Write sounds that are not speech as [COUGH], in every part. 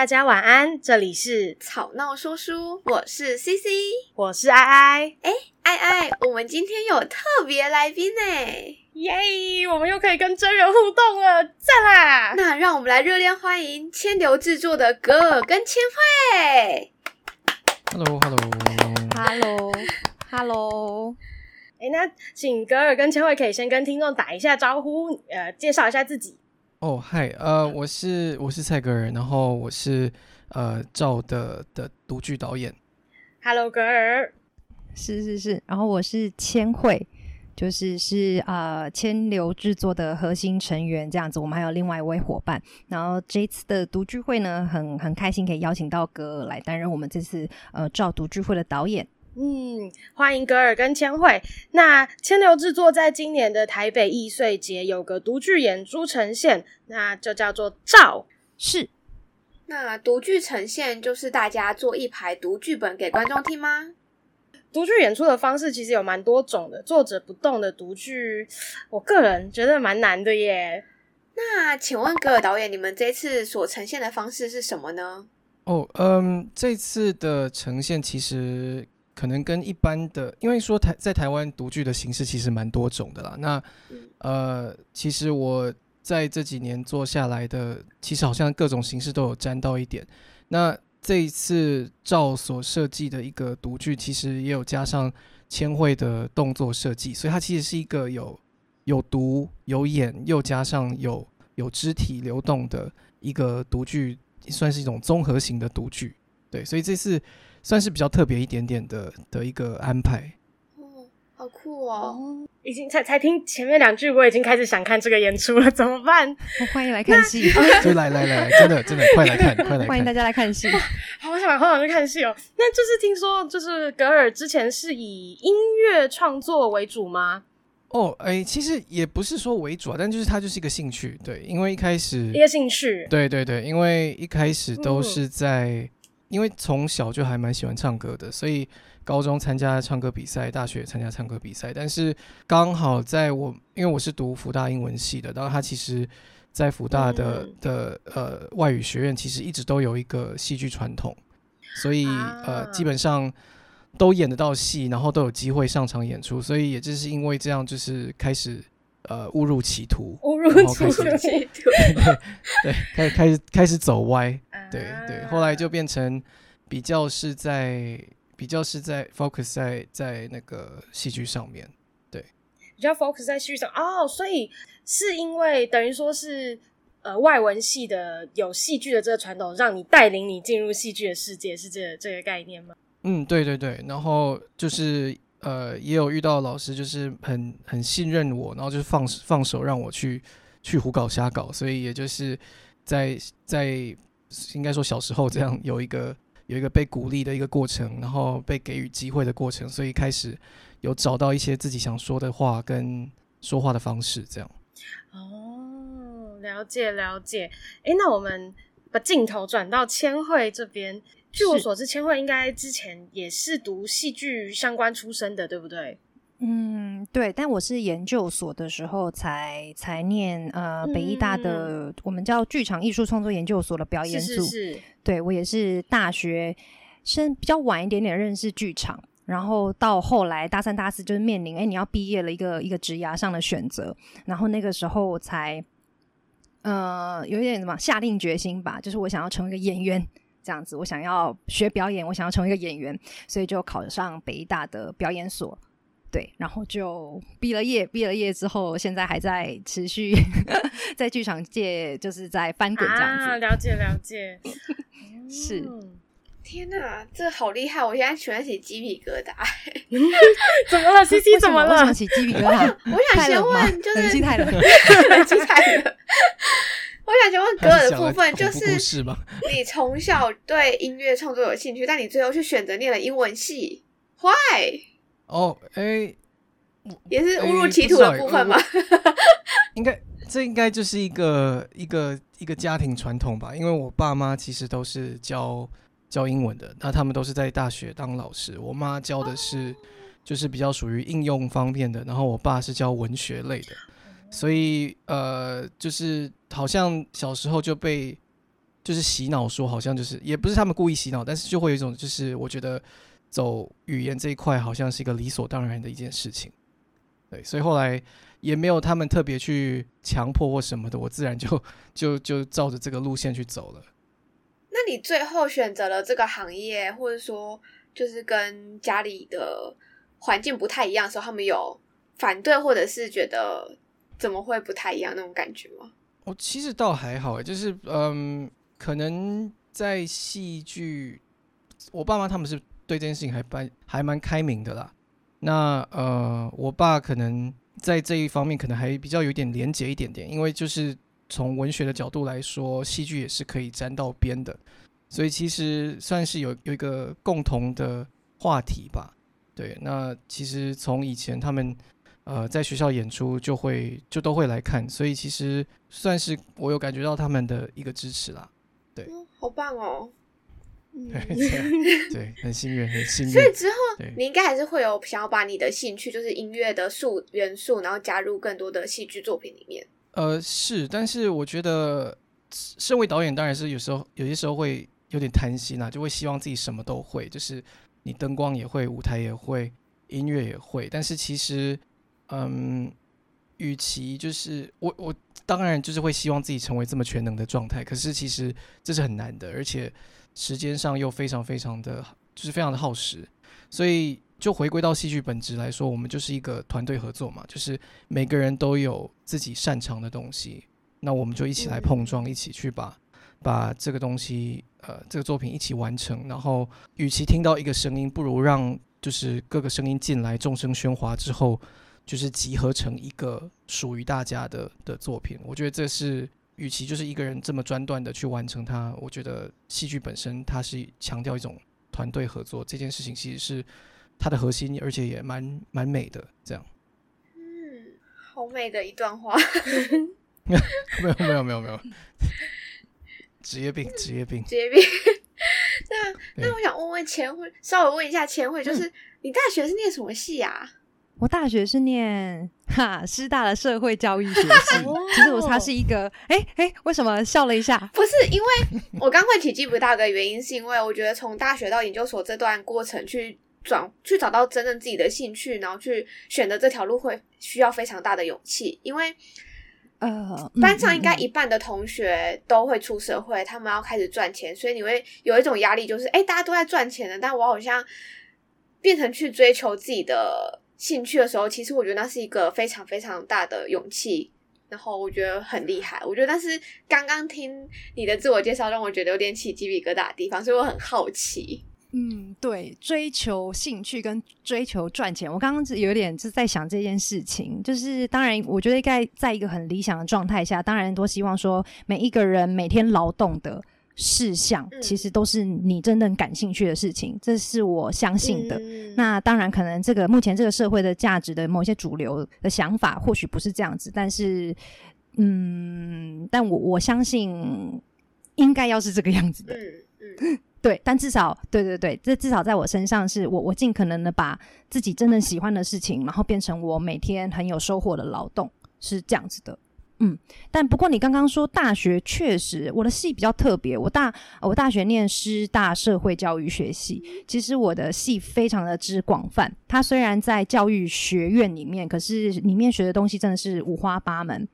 大家晚安，這裡是吵鬧說書，我是 CC，我是愛愛。誒，愛愛，我們今天有特別來賓呢，耶！Yeah, 我們又可以跟真人互動了，讚啦！那讓我們來熱烈歡迎千流製作的格爾跟千惠。Hello，Hello，Hello，Hello hello。Hello. Hello, hello. 誒，那請格爾跟千惠可以先跟聽眾打一下招呼，呃，介紹一下自己。哦，嗨，呃，我是我是蔡格爾，然後我是呃 Zào、uh, 的的讀劇導演。Hello，格爾，是是是，然後我是千惠，就是是啊、uh, 千流製作的核心成員這樣子。我們還有另外一位伙伴，然後這次的讀劇會呢，很很開心可以邀請到格爾來擔任我們這次呃 Zào 讀劇會的導演。嗯，歡迎格爾跟千惠。那千流製作在今年的台北藝穗節有個讀劇演出呈現，那就叫做《Zào》。那讀劇呈現就是大家坐一排讀劇本給觀眾聽嗎？讀劇演出的方式其實有蠻多種的，坐着不動的讀劇，我個人覺得蠻難的耶。那請問格爾導演，你們這次所呈現的方式是什麼呢？哦，嗯，這次的呈現其實。可能跟一般的，因為說台在台灣讀劇，的形式其實蠻多種的啦。那呃，其實我在這幾年做下來的，其實好像各種形式都有沾到一點。那這一次 Zào 所設計的一個讀劇，其實也有加上千惠的動作設計，所以它其實是一個有有讀有演，又加上有有肢體流動的一個讀劇，算是一種綜合型的讀劇。對，所以這次算是比較特別一點點的的一個安排，哦、嗯，好酷哦！已經才才聽前面兩句，我已經開始想看這個演出了，怎麼辦？我歡迎來看戲，就 [LAUGHS] 來來來，真的真的, [LAUGHS] 真的,真的快來看，快來！歡迎大家來看戲。好， [LAUGHS] 我想馬上去看戲哦。那就是聽說，就是格爾之前是以音樂創作為主嗎？哦，哎、欸，其實也不是說為主、啊，但就是他就是一個興趣，對，因為一開始一個興趣，對,對對對，因為一開始都是在。嗯因為從小就還蠻喜歡唱歌的，所以高中參加唱歌比賽，大學參加唱歌比賽。但是剛好在我，因為我是讀輔大英文系的，然後他其實，在輔大的、嗯、的呃外語學院，其實一直都有一個戲劇傳統，所以、啊、呃基本上都演得到戲，然後都有機會上場演出。所以也就是因為這樣，就是開始呃誤入歧途，誤入歧途 [LAUGHS] 對，對，開開始開始走歪。對對，後來就變成比較是在比較是在 focus 在在那個戲劇上面，對，比較 focus 在戲劇上哦，所以是因為等於說是呃外文系的有戲劇的這個傳統，讓你帶領你進入戲劇的世界，是這個、這個概念嗎？嗯，對對對，然後就是呃也有遇到老師就是很很信任我，然後就是放放手讓我去去胡搞瞎搞，所以也就是在在。應該說，小時候這樣有一個有一個被鼓勵的一個過程，然後被給予機會的過程，所以開始有找到一些自己想說的話跟說話的方式，這樣。哦，了解了解。誒、欸，那我們把鏡頭轉到千惠這邊。據我所知，千惠應該之前也是讀戲劇相關出身的，對不對？嗯，對，但我是研究所的時候才才念呃北藝大的，嗯，我們叫劇場藝術創作研究所的表演組。是，是，是，對我也是大學生比較晚一點點認識劇場，然後到後來大三大四就是面臨哎、欸、你要畢業了，一個一個職業上的選擇，然後那個時候才呃有一點什麼下定決心吧，就是我想要成為一個演員這樣子，我想要學表演，我想要成為一個演員，所以就考上北藝大的表演所。對，然後就畢了業，畢了業之後，現在還在持續呵呵在劇場界，就是在翻滾這樣子。啊嗯、了解了解，是。天哪，這好厲害！我現在全身起雞皮疙瘩。嗯、 [LAUGHS] 怎麼了，西西？怎麼了？我想先問，就是很精彩的，很精彩的。我想先問格爾的部分的，就是你從小對音樂創作有興趣， [LAUGHS] 但你最後卻選擇念了英文系，why？哦，哎、欸，也是誤入歧途的部分吧，欸？應該，這應該就是一個一個一個家庭傳統吧。因為我爸媽其實都是教教英文的，那他們都是在大學當老師。我媽教的是就是比較屬於應用方面的，然後我爸是教文學類的，所以呃，就是好像小時候就被就是洗腦說，好像就是也不是他們故意洗腦，但是就會有一種就是我覺得。走語言這一塊好像是一個理所當然的一件事情，對，所以後來也沒有他們特別去強迫或什麼的，我自然就就就照着這個路線去走了。那你最後選擇了這個行業，或者說就是跟家裡的環境不太一樣的時候，他們有反對或者是覺得怎麼會不太一樣那種感覺嗎？我，哦，其實倒還好，就是嗯，可能在戲劇，我爸媽他們是。對這件事情還蠻還蠻開明的啦。那呃，我爸可能在這一方面可能還比較有點連結一點點，因為就是從文學的角度來說，戲劇也是可以沾到邊的，所以其實算是有有一個共同的話題吧。對，那其實從以前他們呃在學校演出就會就都會來看，所以其實算是我有感覺到他們的一個支持啦。對，嗯，好棒哦。 [LAUGHS] [LAUGHS] 對，很幸運，很幸運。所以之後，你應該還是會有想要把你的興趣，就是音樂的素元素，然後加入更多的戲劇作品裡面。呃，是，但是我覺得，身為導演，當然是有時候有些時候會有點貪心啊，就會希望自己什麼都會，就是你燈光也會，舞台也會，音樂也會。但是其實，嗯，嗯，與其就是我我當然就是會希望自己成為這麼全能的狀態，可是其實這是很難的，而且。時間上又非常非常的，就是非常的耗時，所以就回歸到戲劇本質來說，我們就是一個團隊合作嘛，就是每個人都有自己擅長的東西，那我們就一起來碰撞，一起去把把這個東西，呃，這個作品一起完成。然後，與其聽到一個聲音，不如讓就是各個聲音進來，眾聲喧嘩之後，就是集合成一個屬於大家的的作品。我覺得這是。與其就是一個人這麼專斷的去完成它，我覺得戲劇本身它，是強調一種團隊合作這件事情，其實是它的核心，而且也蠻蠻美的這樣。嗯，好美的一段話。沒有沒有沒有沒有，職業病職業病職業病。業病業病， [LAUGHS] 那那我想問問千惠，稍微問一下千惠，就是、嗯、你大學是念什麼系啊？我大學是念哈師大的社會教育學系，其實我差是一個誒誒、 [LAUGHS] 欸欸、為什麼笑了一下？不是，因為我剛會體積不大的原因，是因為我覺得從大學到研究所這段過程去轉去找到真正自己的興趣，然後去選擇這條路，會需要非常大的勇氣。因為呃，班上應該一半的同學都會出社會，他們要開始賺錢，所以你會有一種壓力，就是誒、欸、大家都在賺錢呢，但我好像變成去追求自己的。興趣的時候，其實我覺得那是一個非常非常大的勇氣，然後我覺得很厲害。我覺得，但是剛剛聽你的自我介紹，讓我覺得有點起雞皮疙瘩的地方，所以我很好奇。嗯，對，追求興趣跟追求賺錢，我剛剛有點是在想這件事情。就是當然，我覺得應該在一個很理想的狀態下，當然多希望說每一個人每天勞動的，事項其實都是你真正感興趣的事情，這是我相信的。那當然，可能這個目前這個社會的價值的某些主流的想法或許不是這樣子，但是，嗯，但我我相信應該要是這個樣子的。 [LAUGHS] 對，但至少，對對對，這至少在我身上是我我盡可能的把自己真正喜歡的事情，然後變成我每天很有收穫的勞動，是這樣子的。嗯，但不過你剛剛說大學，確實我的系比較特別，我大我大學念師大社會教育學系，其實我的系非常的之廣泛，它雖然在教育學院裡面，可是裡面學的東西真的是五花八門。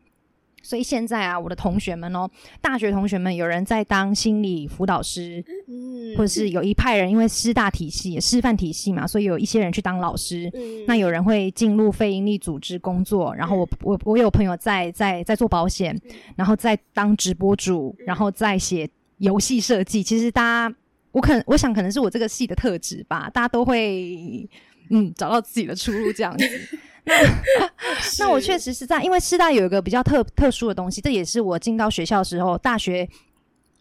所以現在啊，我的同學們哦，大學同學們有人在當心理輔導師，嗯，或者是有一派人因為師大體系、師範體系嘛，所以有一些人去當老師。嗯、那有人會進入非營利組織工作，然後我我我有朋友在在在做保險、嗯，然後在當直播主，然後在寫遊戲設計。其實大家，我可能我想可能是我這個系的特質吧，大家都會嗯找到自己的出路這樣子。 [LAUGHS] [LAUGHS] [LAUGHS] [LAUGHS] 那我確實是在，因為師大有一個比較特特殊的東西，這也是我進到學校的時候，大學，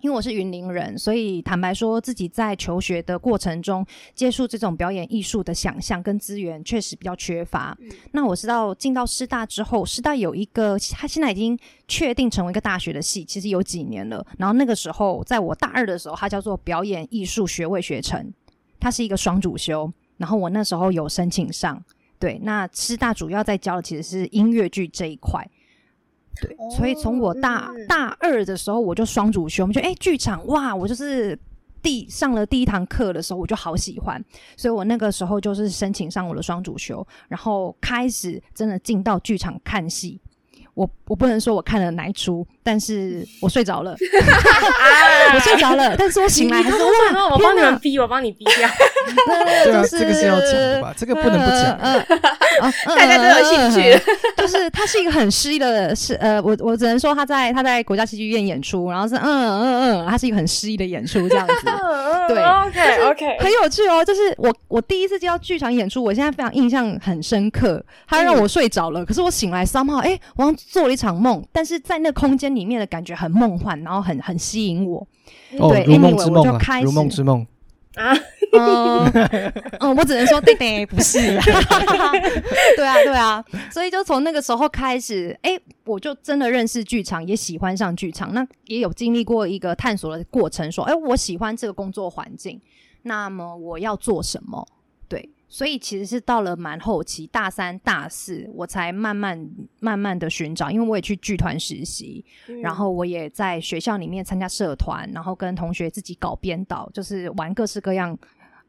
因為我是雲林人，所以坦白說自己在求學的過程中，接觸這種表演藝術的想象跟資源確實比較缺乏。嗯、那我知道進到師大之後，師大有一個，他現在已經確定成為一個大學的系，其實有幾年了。然後那個時候，在我大二的時候，他叫做表演藝術學位學程，他是一個雙主修。然後我那時候有申請上。對，那師大主要在教的其實是音樂劇這一塊，對，哦、所以從我大、嗯、大二的時候，我就雙主修，我們就哎，欸、劇場哇，我就是第上了第一堂課的時候，我就好喜歡，所以我那個時候就是申請上我的雙主修，然後開始真的進到劇場看戲，我我不能說我看了哪一齣。但是我睡着了、 [LAUGHS] 啊， [LAUGHS] 我睡着了，但是我醒來還是哇！我幫你們逼，我幫你逼掉、 [LAUGHS] 嗯。這、就、個是要講的吧？這個不能不講。啊、嗯，大家都有興趣。就是他是一個很詩意的，是呃，我我只能說他在他在國家戲劇院演出，然後是嗯嗯嗯，他、嗯、是一個很詩意的演出這樣子。 [LAUGHS] 嗯嗯、對，OK OK，很有趣哦。就是我我第一次接到劇場演出，我現在非常印象很深刻。他讓我睡着了，可是我醒來 somehow，哎，我好像做了一場夢，但是在那個空間，裡面的感覺很夢幻，然後很很吸引我。哦、對，如夢之夢、欸、我就開始、如夢之夢啊！嗯、呃 [LAUGHS] 呃，我只能說， [LAUGHS] 對對，不是。 [LAUGHS] 對啊，對啊，所以就從那個時候開始，哎、欸，我就真的認識劇場，也喜歡上劇場。那也有經歷過一個探索的過程，說，哎、欸，我喜歡這個工作環境，那麼我要做什麼？所以其實是到了蠻後期，大三、大四，我才慢慢、慢慢的尋找，因為我也去劇團實習、嗯，然後我也在學校裡面參加社團，然後跟同學自己搞編導，就是玩各式各樣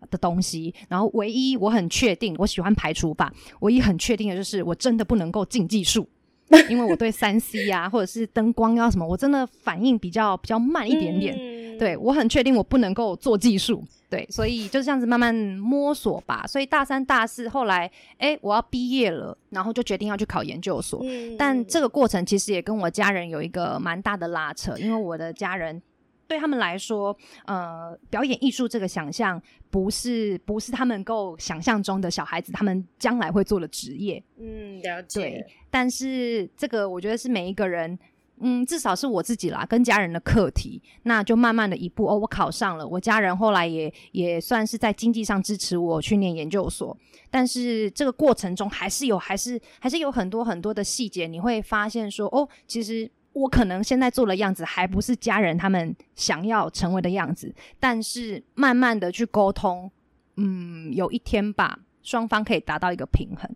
的東西。然後唯一我很確定，我喜歡排除法，唯一很確定的就是我真的不能夠進技術， [LAUGHS] 因為我對三 C 呀，或者是燈光啊什麼，我真的反應比較比較慢一點點。嗯、對，我很確定，我不能夠做技術。對，所以就這樣子慢慢摸索吧。所以大三、大四後來，哎，欸，我要畢業了，然後就決定要去考研究所，嗯。但這個過程其實也跟我家人有一個蠻大的拉扯，因為我的家人對他們來說，呃，表演藝術這個想象，不是，不是他們夠想象中的小孩子，他們將來會做的職業。嗯，了解。對，但是這個我覺得是每一個人。嗯，至少是我自己啦，跟家人的課題，那就慢慢的一步哦。我考上了，我家人後來也也算是在經濟上支持我去念研究所。但是這個過程中還是有，還是還是有很多很多的細節，你會發現說哦，其實我可能現在做的樣子還不是家人他們想要成為的樣子。但是慢慢的去溝通，嗯，有一天吧，雙方可以達到一個平衡。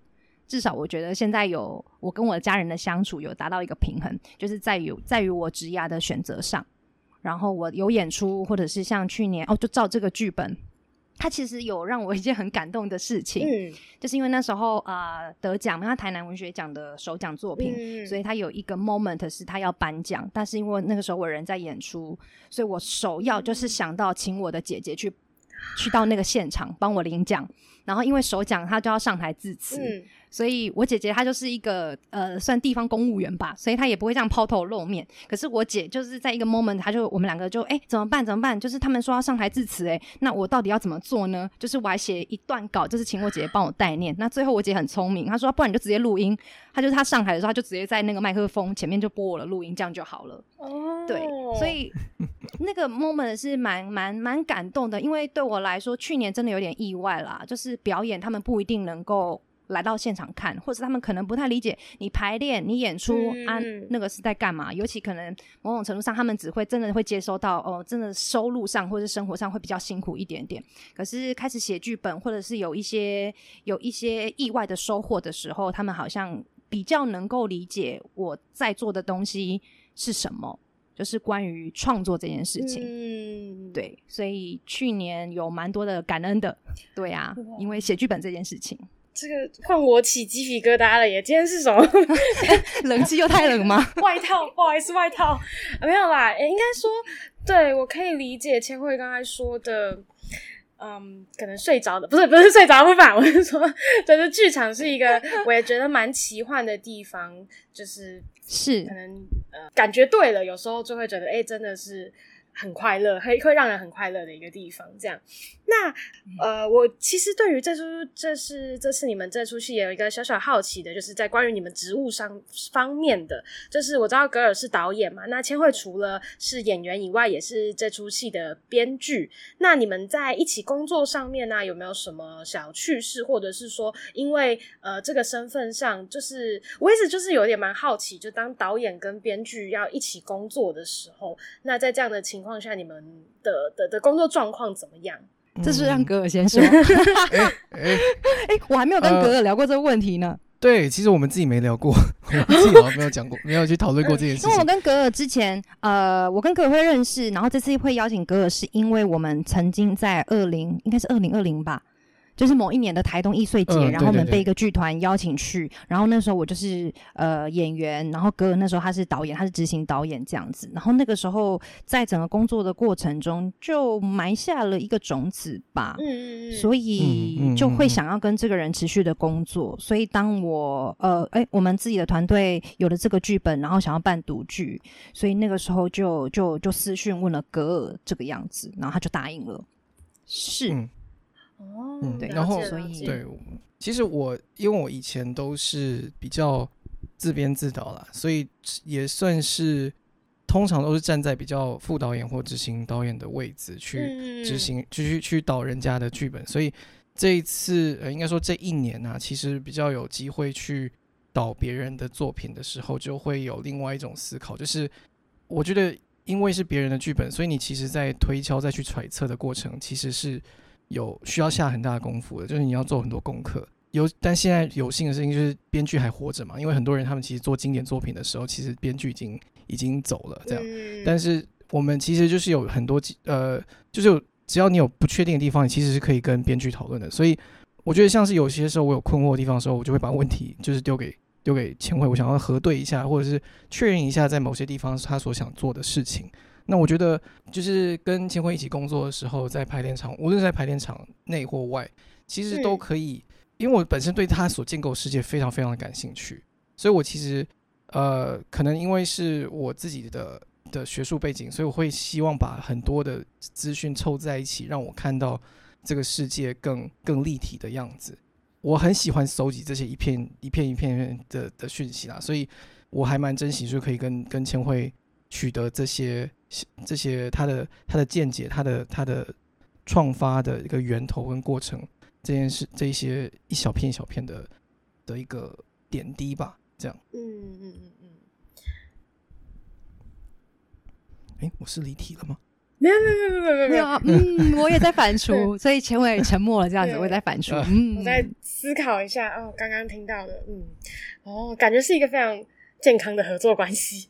至少我覺得現在有我跟我的家人的相處有達到一個平衡，就是在於在於我職業的選擇上，然後我有演出，或者是像去年哦，就照這個劇本，他其實有讓我一件很感動的事情，嗯，就是因為那時候啊、呃、得獎，他台南文學獎的首獎作品、嗯，所以他有一個 moment 是他要頒獎，但是因為那個時候我人在演出，所以我首要就是想到請我的姐姐去、嗯、去到那個現場幫我領獎，然後因為首獎他就要上台致辭。嗯所以，我姐姐她就是一個呃，算地方公務員吧，所以她也不會這樣拋頭露面。可是我姐就是在一個 moment，她就我們兩個就哎、欸，怎麼辦？怎麼辦？就是他們說要上台致辭、欸，哎，那我到底要怎麼做呢？就是我還寫一段稿，就是請我姐姐幫我代念。那最後我姐很聰明，她說不然你就直接錄音。她就是她上台的時候，她就直接在那個麥克風前面就播我的錄音，這樣就好了。哦、oh.，對，所以那個 moment 是蠻蠻蠻、蠻感動的，因為對我來說，去年真的有點意外啦，就是表演他們不一定能夠。來到現場看，或者是他們可能不太理解你排練、你演出、嗯、啊，那個是在幹嘛？尤其可能某種程度上，他們只會真的會接收到哦，真的收入上或是生活上會比較辛苦一點點。可是開始寫劇本，或者是有一些有一些意外的收穫的時候，他們好像比較能夠理解我在做的東西是什麼，就是關於創作這件事情。嗯，對，所以去年有蠻多的感恩的，對啊，因為寫劇本這件事情。這個換我起雞皮疙瘩了耶，今天是什麼？ [LAUGHS] 欸、冷氣又太冷嗎、欸？外套，不好意思，外套、啊、沒有啦。哎、欸，應該說，對我可以理解千惠剛才說的，嗯，可能睡着的，不是不是睡着不反，我是說，就是劇場是一個我也覺得蠻奇幻的地方，就是是可能是呃感覺對了，有時候就會覺得，誒、欸、真的是。很快樂，很會，會讓人很快樂的一個地方。這樣，那呃，我其實對於這出這是這次你們這出戲也有一個小小好奇的，就是在關於你們職務上方面的。就是我知道格爾是導演嘛，那千惠除了是演員以外，也是這出戲的編劇。那你們在一起工作上面呢、啊，有沒有什麼小趣事，或者是說，因為呃這個身份上，就是我一直就是有點蠻好奇，就當導演跟編劇要一起工作的時候，那在這樣的情況情況下你們的的的工作狀況怎麼樣，嗯？這是讓格爾先說。哎、 [LAUGHS] 欸欸欸，我還沒有跟格爾聊過這個問題呢，呃。對，其實我們自己沒聊過， [LAUGHS] 我自己好像沒有講過，沒有去討論過這件事情。 [LAUGHS] 因為我跟格爾之前，呃，我跟格爾會認識，然後這次會邀請格爾，是因為我們曾經在二零，應該是二零二零吧。就是某一年的台東藝穗節，然後我們被一個劇團邀請去，嗯、對對對，然後那時候我就是呃演員，然後格爾那時候他是導演，他是執行導演這樣子，然後那個時候在整個工作的過程中就埋下了一個種子吧，嗯、所以就會想要跟這個人持續的工作、嗯嗯嗯，所以當我呃誒、欸，我們自己的團隊有了這個劇本，然後想要辦讀劇，所以那個時候就就就私訊問了格爾這個樣子，然後他就答應了，是。嗯哦、嗯，對，然後對，其實我因為我以前都是比較自編自導了，所以也算是通常都是站在比較副導演或執行導演的位置去執行，嗯、去去，去導人家的劇本。所以這一次，呃，應該說這一年啊，其實比較有機會去導別人的作品的時候，就會有另外一種思考，就是我覺得因為是別人的劇本，所以你其實，在推敲、再去揣測的過程，其實是。有需要下很大的功夫的，就是你要做很多功課。有，但現在有幸的事情就是編劇還活着嘛，因為很多人他們其實做經典作品的時候，其實編劇已經已經走了。這樣，但是我們其實就是有很多呃，就是只要你有不確定的地方，你其實是可以跟編劇討論的。所以我覺得像是有些時候我有困惑的地方的時候，我就會把問題就是丟給丟給千惠，我想要核對一下，或者是確認一下在某些地方他所想做的事情。那我覺得，就是跟千惠一起工作的時候，在排練場，無論是在排練場內或外，其實都可以，因為我本身對他所建構世界非常非常的感興趣，所以我其實，呃，可能因為是我自己的的學術背景，所以我會希望把很多的資訊湊在一起，讓我看到這個世界更更立體的樣子。我很喜歡搜集這些一片一片一片的的訊息啦，所以我還蠻珍惜，就可以跟跟千惠取得這些。這些他的他的見解，他的他的創發的一個源頭跟過程，這件事這些一小片一小片的的一個點滴吧，這樣。嗯嗯嗯嗯。哎、嗯嗯，我是離題了嗎？沒有沒有沒有沒有啊、嗯！嗯，我也在反芻， [LAUGHS] 所以前也沉默了，這樣子我也在反芻。嗯，我在思考一下。哦，剛剛聽到的，嗯，哦，感覺是一個非常健康的合作關係。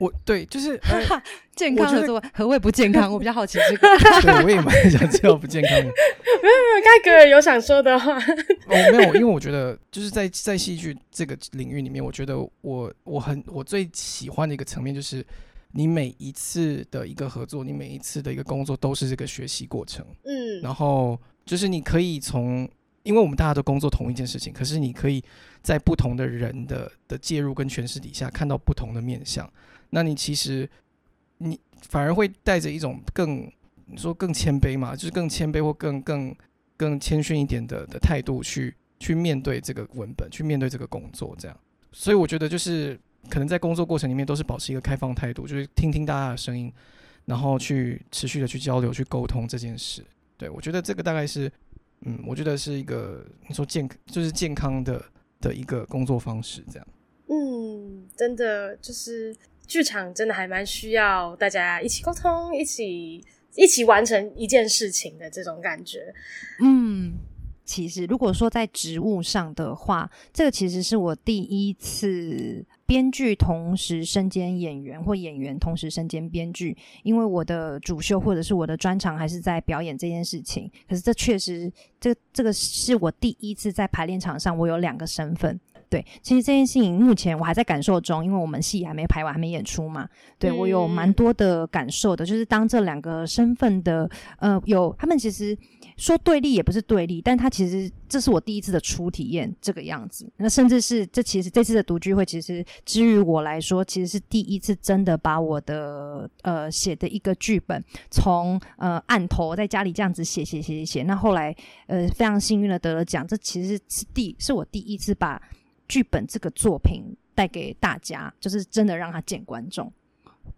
我對就是、啊呃、健康的作為，何謂不健康？我比較好奇、這個，對 [LAUGHS] [LAUGHS] 我也蠻想知道不健康的。沒有沒有，蓋格爾有想說的話？哦，沒有，因為我覺得就是在在戲劇這個領域裡面，我覺得我我很我最喜歡的一個層面就是，你每一次的一個合作，你每一次的一個工作都是這個學習過程。嗯，然後就是你可以從，因為我們大家都工作同一件事情，可是你可以在不同的人的的介入跟詮釋底下，看到不同的面向。那你其實，你反而會帶着一種更，你說更謙卑嘛，就是更謙卑或更更更謙遜一點的的態度去去面對這個文本，去面對這個工作，這樣。所以我覺得就是可能在工作過程裡面都是保持一個開放態度，就是聽聽大家的聲音，然後去持續的去交流、去溝通這件事。對，我覺得這個大概是，嗯，我覺得是一個你說健就是健康的的一個工作方式，這樣。嗯，真的就是。劇場真的還蠻需要大家一起溝通、一起一起完成一件事情的這種感覺。嗯，其實如果說在職務上的話，這個其實是我第一次編劇同時身兼演員，或演員同時身兼編劇。因為我的主秀或者是我的專場還是在表演這件事情，可是這確實，這這個是我第一次在排練場上，我有兩個身份。對，其實這件事情目前我還在感受中，因為我們戲還沒排完，還沒演出嘛。對、嗯、我有蠻多的感受的，就是當這兩個身份的，呃，有他們其實說對立也不是對立，但他其實這是我第一次的初體驗這個樣子。那甚至是這其實這次的讀劇會，其實之於我來說，其實是第一次真的把我的呃寫的一個劇本從呃案頭在家裡這樣子寫寫寫寫寫寫，那後來呃非常幸運的得了獎，這其實是第是我第一次把。劇本這個作品帶給大家，就是真的讓他見觀眾，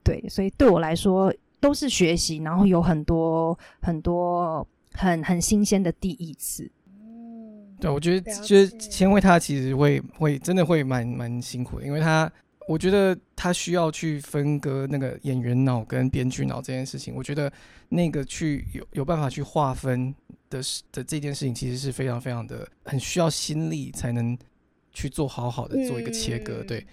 對，所以對我來說都是學習，然後有很多很多很很新鮮的第一次、嗯。對，我覺得覺得千惠他其實會會真的會蠻蠻辛苦的，因為他我覺得他需要去分割那個演員腦跟編劇腦這件事情，我覺得那個去有有辦法去劃分的的這件事情，其實是非常非常的很需要心力才能。去做好好的做一個切割，嗯、對對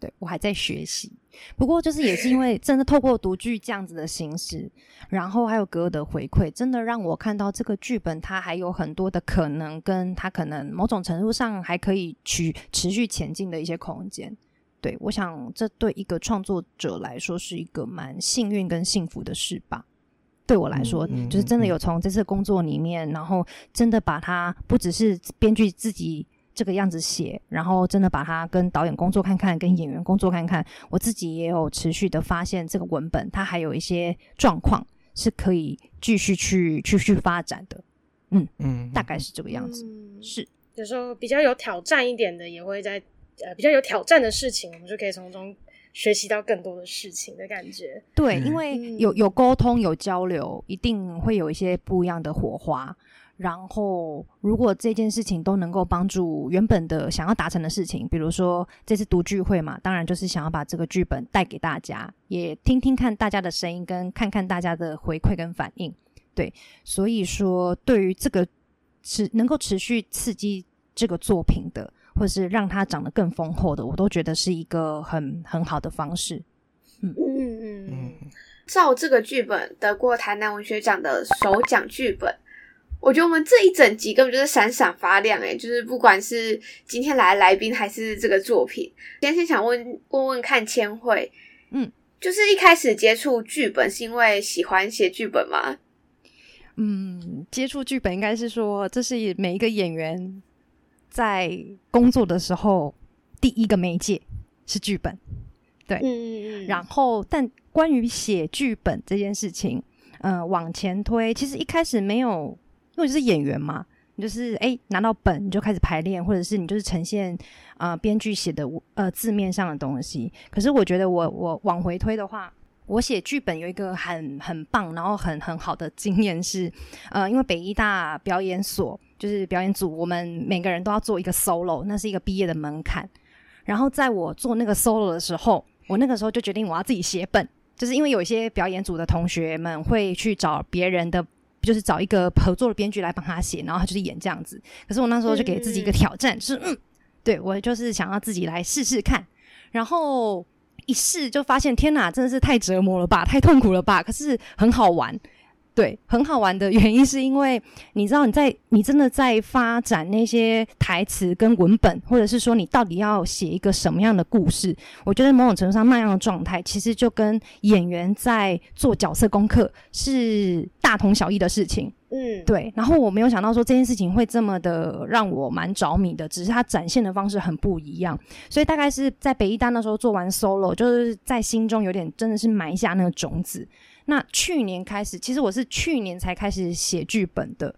對，我還在學習。不過就是也是因為真的透過讀劇這樣子的形式， [LAUGHS] 然後還有格爾的回饋，真的讓我看到這個劇本它還有很多的可能，跟它可能某種程度上還可以去持續前進的一些空間。對，我想這對一個創作者來說是一個蠻幸運跟幸福的事吧。對我來說、嗯，就是真的有從這次工作裡面，嗯、然後真的把它不只是編劇自己這個樣子寫，然後真的把它跟導演工作看看，跟演員工作看看，我自己也有持續的發現，這個文本它還有一些狀況是可以繼續去去去發展的。嗯嗯，大概是這個樣子。嗯、是有時候比較有挑戰一點的，也會在呃比較有挑戰的事情，我們就可以從中。學習到更多的事情的感覺，對，因為有有溝通有交流，一定會有一些不一樣的火花。然後，如果這件事情都能夠幫助原本的想要達成的事情，比如說這次讀劇會嘛，當然就是想要把這個劇本帶給大家，也聽聽看大家的聲音，跟看看大家的回饋跟反應。對，所以說對於這個持能夠持續刺激這個作品的。或是讓它長得更豐厚的，我都覺得是一個很很好的方式。嗯嗯嗯，Zào 這個劇本得過台南文學獎的首獎劇本，我覺得我們這一整集根本就是閃閃發亮哎、欸！就是不管是今天來的來賓，還是這個作品，今天先想問問問看千惠，嗯，就是一開始接觸劇本是因為喜歡寫劇本嗎？嗯，接觸劇本應該是說，這是每一個演員。在工作的時候，第一個媒介是劇本，對，嗯嗯嗯。然後，但關於寫劇本這件事情，嗯、呃，往前推，其實一開始沒有，因為你是演員嘛，你就是哎、欸、拿到本你就開始排練，或者是你就是呈現啊編劇寫的呃字面上的東西。可是我覺得我我往回推的話，我寫劇本有一個很很棒，然後很很好的經驗是，呃，因為北藝大表演所。就是表演組，我們每個人都要做一個 solo，那是一個畢業的門檻。然後在我做那個 solo 的時候，我那個時候就決定我要自己寫本，就是因為有一些表演組的同學們會去找別人的，就是找一個合作的編劇來幫他寫，然後他就是演這樣子。可是我那時候就給自己一個挑戰，嗯、就是嗯，對，我就是想要自己來試試看。然後一試就發現，天哪，真的是太折磨了吧，太痛苦了吧，可是很好玩。對，很好玩的原因是因為你知道你在你真的在發展那些台詞跟文本，或者是說你到底要寫一個什麼樣的故事。我覺得某種程度上那樣的狀態，其實就跟演員在做角色功課是大同小異的事情。嗯，對。然後我沒有想到說這件事情會這麼的讓我蠻着迷的，只是它展現的方式很不一樣。所以大概是在北藝大的時候做完 solo，就是在心中有點真的是埋下那個種子。那去年開始，其實我是去年才開始寫劇本的，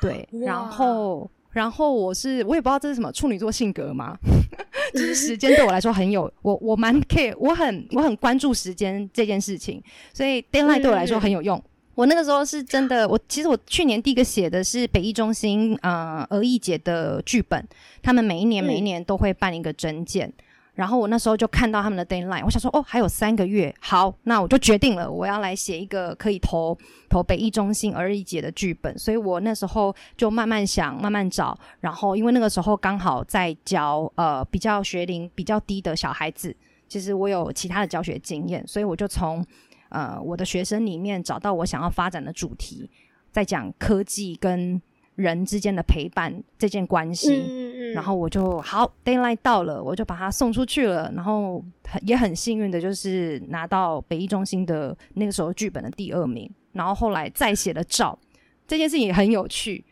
對，然後，然後我是我也不知道這是什麼處女座性格嘛， [LAUGHS] 就是時間對我來說很有， [LAUGHS] 我我蠻 care，我很我很關注時間這件事情，所以 deadline 對我來說很有用，嗯。我那個時候是真的，我其實我去年第一個寫的是北藝中心呃，兒藝節的劇本，他們每一年，嗯、每一年都會辦一個徵件。然後我那時候就看到他們的 deadline，我想說，哦，還有三個月，好，那我就決定了，我要來寫一個可以投投北藝中心兒藝節的劇本。所以我那時候就慢慢想，慢慢找。然後因為那個時候剛好在教呃比較學齡比較低的小孩子，其實我有其他的教學經驗，所以我就從呃我的學生裡面找到我想要發展的主題，在講科技跟。人之間的陪伴這件關係。嗯嗯，然後我就好，daylight 到了，我就把他送出去了。然後也很幸運的，就是拿到北藝中心的那個時候劇本的第二名。然後後來再寫了照，嗯、這件事情也很有趣，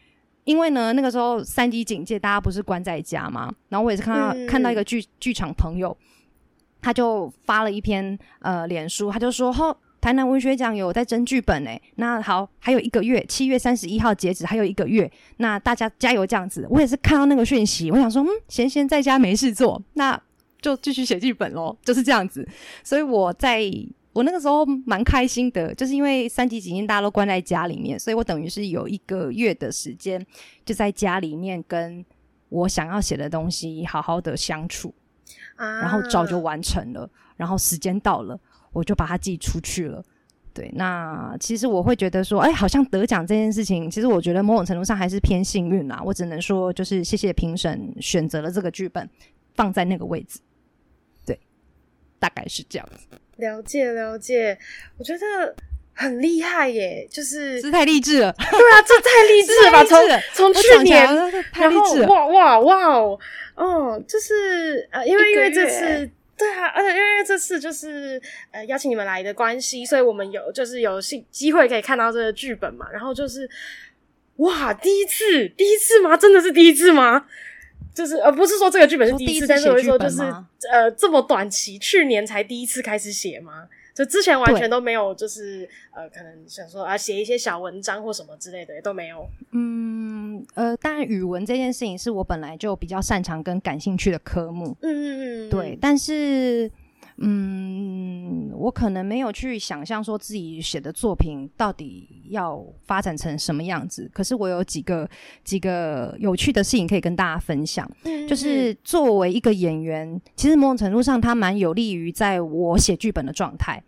因為呢那個時候三級警戒，大家不是關在家嘛。然後我也是看到、嗯、看到一個劇劇場朋友，他就發了一篇呃臉書，他就說，哦台南文學獎有在徵劇本哎、欸，那好，還有一個月，七月三十一號截止，還有一個月，那大家加油這樣子。我也是看到那個訊息，我想說，嗯，閒閒在家沒事做，那就繼續寫劇本咯。就是這樣子。所以我在我那個時候蠻開心的，就是因為三級警戒大家都關在家裡面，所以我等於是有一個月的時間就在家裡面跟我想要寫的東西好好的相處，然後早就完成了，然後時間到了。我就把它寄出去了，對。那其實我會覺得說，哎、欸，好像得獎這件事情，其實我覺得某種程度上還是偏幸運啦。我只能說，就是謝謝評審選擇了這個劇本，放在那個位置，對，大概是這樣子。了解了解，我覺得很厲害耶，就是這太勵志了。 [LAUGHS] 對啊，這太勵志了， [LAUGHS] 這太勵志了吧，從、從去年，太勵志了，然後哇哇哇，哇哇哦，就是呃、啊，因為因為這次。對啊，而且因為這次就是呃邀請你們來的關係，所以我們有就是有幸機會可以看到這個劇本嘛，然後就是哇，第一次，第一次嗎？真的是第一次嗎？就是呃，不是說這個劇本是第一次，第一次嗎？但是我會說就是呃這麼短期，去年才第一次開始寫嗎？就之前完全都沒有，就是呃，可能想說啊，寫一些小文章或什麼之類的都沒有。嗯呃，但語文這件事情是我本來就比較擅長跟感興趣的科目。嗯嗯嗯，嗯。對，但是。嗯，我可能沒有去想象說自己寫的作品到底要發展成什麼樣子。可是我有幾個幾個有趣的事情可以跟大家分享嗯嗯。就是作為一個演員，其實某種程度上，它蠻有利於在我寫劇本的狀態。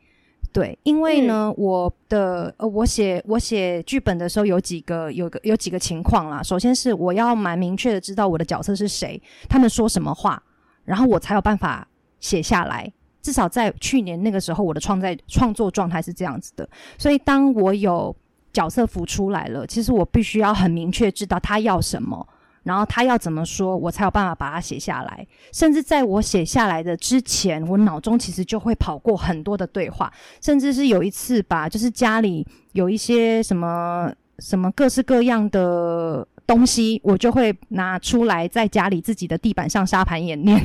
對，因為呢，嗯、我的呃，我寫我寫劇本的時候有幾個有個、有幾個情況啦。首先是我要蠻明確的知道我的角色是誰，他們說什麼話，然後我才有辦法寫下來。至少在去年那個時候，我的創在創作狀態是這樣子的。所以，當我有角色浮出來了，其實我必須要很明確知道他要什麼，然後他要怎麼說，我才有辦法把它寫下來。甚至在我寫下來的之前，我腦中其實就會跑過很多的對話。甚至是有一次吧，就是家裡有一些什麼什麼各式各樣的東西，我就會拿出來在家裡自己的地板上沙盤演練。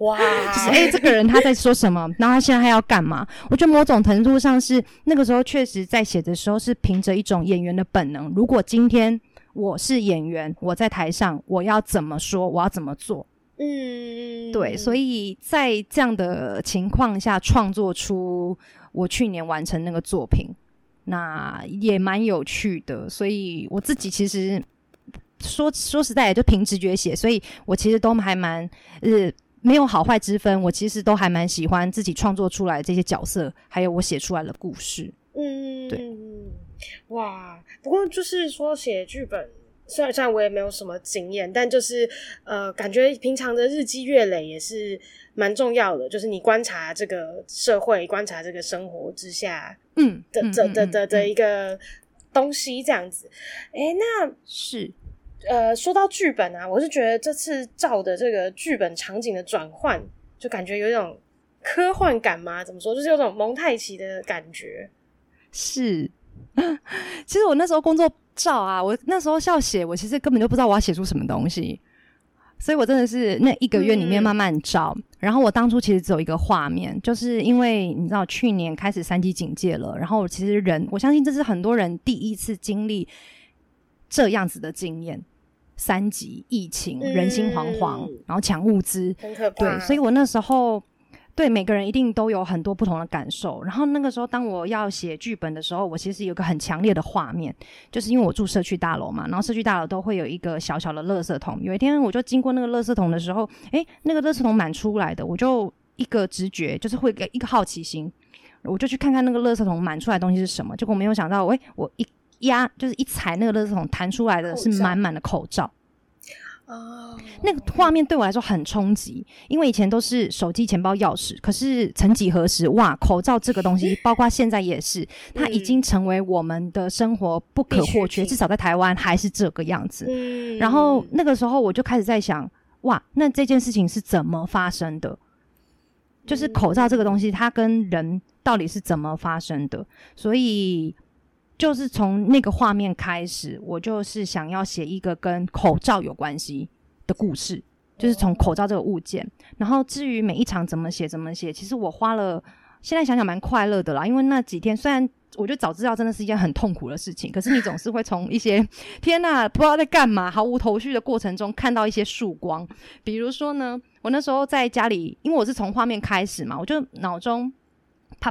哇，就是哎、 [LAUGHS] 欸，這個人他在說什麼？然後他現在還要幹嘛？我覺得某種程度上是那個時候確實在寫的時候是憑着一種演員的本能。如果今天我是演員，我在台上，我要怎麼說？我要怎麼做？嗯，對。所以在這樣的情況下創作出我去年完成那個作品，那也蠻有趣的。所以我自己其實說說實在也就憑直覺寫，所以我其實都還蠻呃。沒有好壞之分，我其實都還蠻喜歡自己創作出來這些角色，還有我寫出來的故事。嗯，對，哇，不過就是說寫劇本，雖然雖然我也沒有什麼經驗，但就是呃，感覺平常的日積月累也是蠻重要的。就是你觀察這個社會，觀察這個生活之下，嗯的嗯的嗯的的、嗯、的一個東西這樣子。哎，那是。呃，說到劇本啊，我是覺得這次照的這個劇本場景的轉換，就感覺有一種科幻感嗎？怎麼說，就是有種蒙太奇的感覺。是，其實我那時候工作照啊，我那時候笑寫，我其實根本就不知道我要寫出什麼東西，所以我真的是那一個月裡面慢慢照。嗯。然後我當初其實只有一個畫面，就是因為你知道，去年開始三級警戒了，然後其實人，我相信這是很多人第一次經歷這樣子的經驗。三級疫情，人心惶惶，嗯、然後搶物資很可怕，對，所以我那時候對每個人一定都有很多不同的感受。然後那個時候，當我要寫劇本的時候，我其實有一個很強烈的畫面，就是因為我住社區大樓嘛，然後社區大樓都會有一個小小的垃圾桶。有一天，我就經過那個垃圾桶的時候，誒，那個垃圾桶滿出來的，我就一個直覺，就是會給一個好奇心，我就去看看那個垃圾桶滿出來的東西是什麼。結果沒有想到，誒，我一壓就是一踩那個垃圾桶，彈出來的是滿滿的口罩。那個畫面對我來說很衝擊，因為以前都是手機、錢包、鑰匙，可是曾幾何時，哇，口罩這個東西，包括現在也是，它已經成為我們的生活不可或缺。至少在台灣還是這個樣子。然後那個時候我就開始在想，哇，那這件事情是怎麼發生的？就是口罩這個東西，它跟人到底是怎麼發生的？所以。就是從那個畫面開始，我就是想要寫一個跟口罩有關係的故事，就是從口罩這個物件。然後至於每一場怎麼寫，怎麼寫，其實我花了，現在想想蠻快樂的啦。因為那幾天雖然我就早知道真的是一件很痛苦的事情，可是你總是會從一些“ [LAUGHS] 天哪，不知道在幹嘛，毫無頭緒”的過程中，看到一些曙光。比如說呢，我那時候在家裡，因為我是從畫面開始嘛，我就腦中。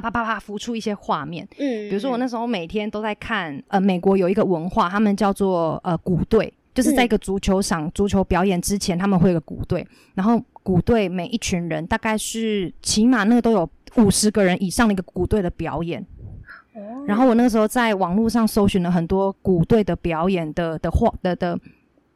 啪啪啪啪，浮出一些畫面。嗯，比如說我那時候每天都在看，呃，美國有一個文化，他們叫做呃鼓隊，就是在一個足球場、嗯、足球表演之前，他們會有個鼓隊。然後鼓隊每一群人大概是起碼那個都有五十個人以上的一個鼓隊的表演。哦，然後我那時候在網絡上搜尋了很多鼓隊的表演的的畫的的的，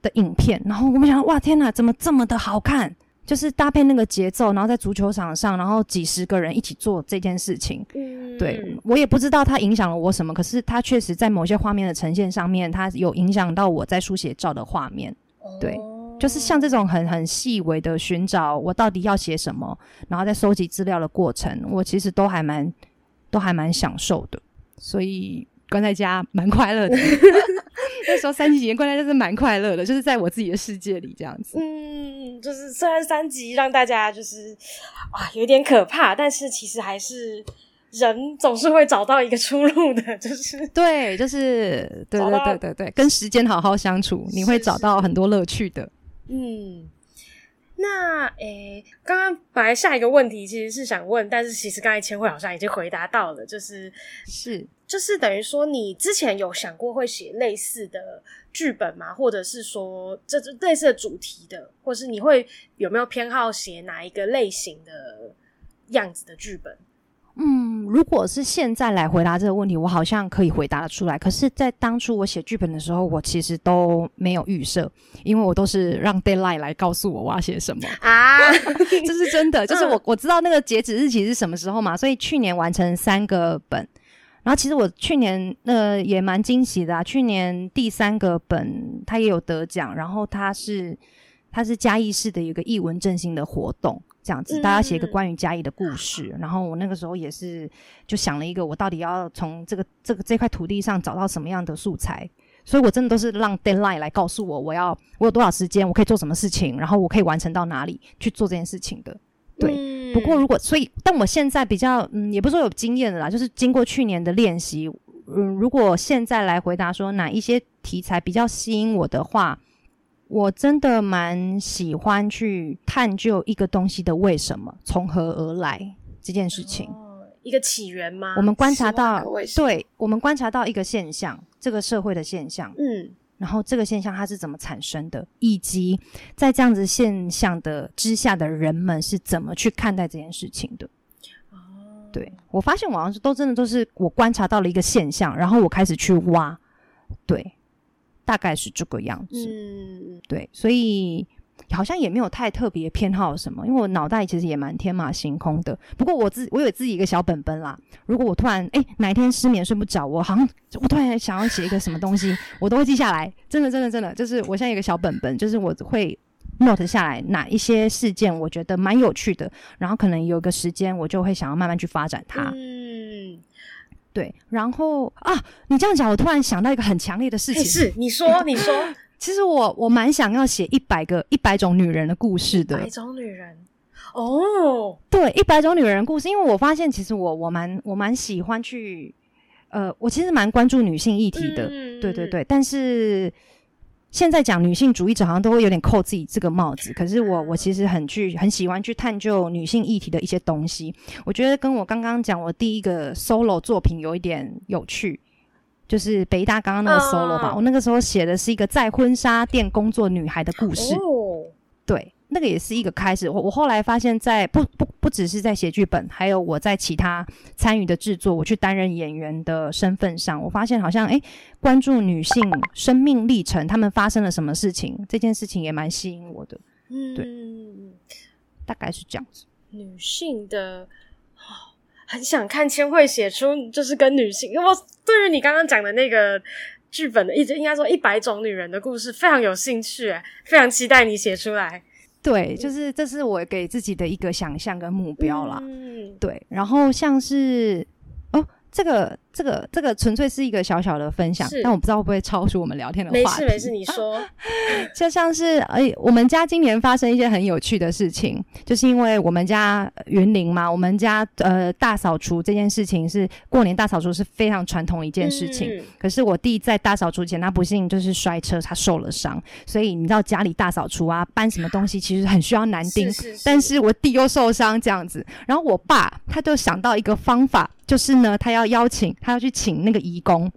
的影片，然後我們想哇，天哪，怎麼這麼的好看！就是搭配那個節奏，然後在足球場上，然後幾十個人一起做這件事情。嗯。對，我也不知道它影響了我什麼，可是它確實在某些畫面的呈現上面，它有影響到我在書寫照的畫面，哦。對，就是像這種很很細微的尋找，我到底要寫什麼，然後在收集資料的過程，我其實都還蠻都還蠻享受的，所以關在家蠻快樂的。 [LAUGHS] [LAUGHS] 那時候三級體驗，關鍵就是蠻快樂的，就是在我自己的世界裡這樣子。嗯，就是雖然三級讓大家就是，哇，有點可怕，但是其實還是人總是會找到一個出路的。就是對，就是對對對對對，跟時間好好相處是是，你會找到很多樂趣的是是。嗯，那誒、欸，剛剛本來下一個問題其實是想問，但是其實剛才千惠好像已經回答到了，就是是。就是等於說，你之前有想過會寫類似的劇本嗎？或者是說，這這類似的主題的，或是你會有沒有偏好寫哪一個類型的樣子的劇本？嗯，如果是現在來回答這個問題，我好像可以回答得出來。可是，在當初我寫劇本的時候，我其實都沒有預設，因為我都是讓 deadline 來告訴我，我要寫什麼啊。 [LAUGHS] [LAUGHS] 這是真的，就是我我知道那個截止日期是什麼時候嘛，嗯。所以去年完成三個本。然後其實我去年呃也蠻驚喜的啊，去年第三個本他也有得獎，然後他是他是嘉義市的一個藝文振興的活動這樣子，大家寫一個關於嘉義的故事，嗯、然後我那個時候也是就想了一個我到底要從這個這個這塊土地上找到什麼樣的素材，所以我真的都是讓 deadline 來告訴我，我要我有多少時間，我可以做什麼事情，然後我可以完成到哪裡去做這件事情的。對、嗯，不過如果所以，但我現在比較，嗯，也不是說有經驗了啦，就是經過去年的練習，嗯，如果現在來回答說哪一些題材比較吸引我的話，我真的蠻喜歡去探究一個東西的為什麼，從何而來這件事情。哦，一個起源嗎？我們觀察到，對，我們觀察到一個現象，這個社會的現象，嗯。然後這個現象它是怎麼產生的，以及在這樣子現象的之下的人們是怎麼去看待這件事情的？對，我發現我好像都真的都是我觀察到了一個現象，然後我開始去挖，對，大概是這個樣子。嗯，對，所以。好像也沒有太特別偏好什麼，因為我腦袋其實也蠻天馬行空的。不過我自我有自己一個小本本啦，如果我突然誒、欸、哪一天失眠睡不着，我好像我突然想要寫一個什麼東西， [LAUGHS] 我都會記下來。真的真的真的，就是我現在有個小本本，就是我會 note 下來哪一些事件我覺得蠻有趣的，然後可能有一個時間我就會想要慢慢去發展它。嗯，對。然後啊，你這樣講，我突然想到一個很強烈的事情，欸、是你說你說。欸你說 [LAUGHS] 其實我我蠻想要寫一百個一百種女人的故事的，一百種女人哦，oh. 對，一百種女人的故事，因為我發現其實我我蠻我蠻喜歡去，呃，我其實蠻關注女性議題的，嗯，對對對，但是現在講女性主義者好像都會有點扣自己這個帽子，可是我我其實很去很喜歡去探究女性議題的一些東西，我覺得跟我剛剛講我第一個 solo 作品有一點有趣。就是北大剛剛那個 solo 吧，oh. 我那個時候寫的是一個在婚紗店工作女孩的故事，oh. 對，那個也是一個開始。我我後來發現在，在不不不只是在寫劇本，還有我在其他參與的製作，我去擔任演員的身份上，我發現好像誒，關注女性生命歷程，她們發生了什麼事情，這件事情也蠻吸引我的，嗯，對，大概是這樣子，女性的。很想看千惠寫出，就是跟女性，因為我對於你剛剛講的那個劇本的，一直應該說一百種女人的故事非常有興趣，非常期待你寫出來。對，就是這是我給自己的一個想象跟目標啦。嗯，對，然後像是哦，這個。這個這個純粹是一個小小的分享，但我不知道會不會超出我們聊天的話題。沒事、啊、沒事，你說。就像是哎、欸，我們家今年發生一些很有趣的事情，就是因為我們家雲林嘛，我們家呃大掃除這件事情是過年大掃除是非常傳統一件事情。嗯、可是我弟在大掃除前，他不幸就是摔車，他受了傷。所以你知道家裡大掃除啊，搬什麼東西其實很需要男丁，啊、是是是，但是我弟又受傷這樣子，然後我爸他就想到一個方法，就是呢他要邀請。他要去請那個移工，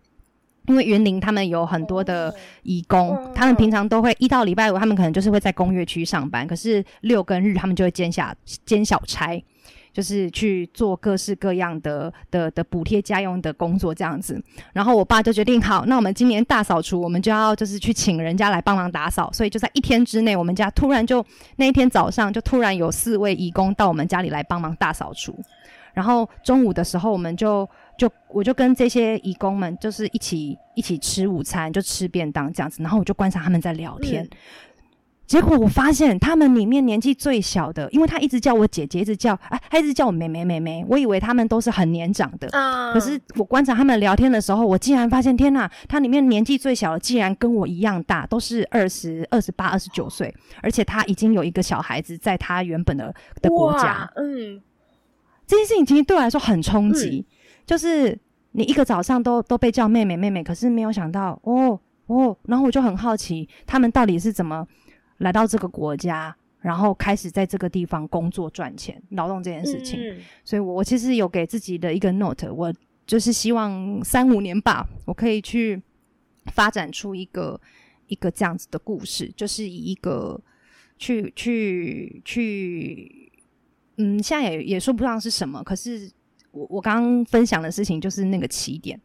因為雲林，他們有很多的移工，他們平常都會一到禮拜五，他們可能就是會在工業區上班，可是六跟日他們就會兼下兼小差，就是去做各式各樣的的的補貼家用的工作這樣子。然後我爸就決定，好，那我們今年大掃除，我們就要就是去請人家來幫忙打掃。所以就在一天之內，我們家突然就那一天早上就突然有四位移工到我們家裡來幫忙大掃除。然後中午的時候，我們就。就我就跟這些移工們就是一起一起吃午餐，就吃便當這樣子。然後我就觀察他們在聊天，嗯、結果我發現他們裡面年紀最小的，因為他一直叫我姐姐，一直叫哎、啊，他一直叫我妹妹妹妹。我以為他們都是很年長的、啊，可是我觀察他們聊天的時候，我竟然發現，天哪！他裡面年紀最小的竟然跟我一樣大，都是二十二十八、二十九歲，而且他已經有一個小孩子在他原本的的國家。嗯，這件事情其實對我來說很衝擊。嗯就是你一個早上都都被叫妹妹妹妹，可是沒有想到哦哦，然後我就很好奇他們到底是怎麼來到這個國家，然後開始在這個地方工作賺錢、勞動這件事情。嗯嗯。所以，我我其實有給自己的一個 note，我就是希望三五年吧，我可以去發展出一個一個這樣子的故事，就是以一個去去去，嗯，現在也也說不上是什麼，可是。我我剛剛分享的事情就是那個起點，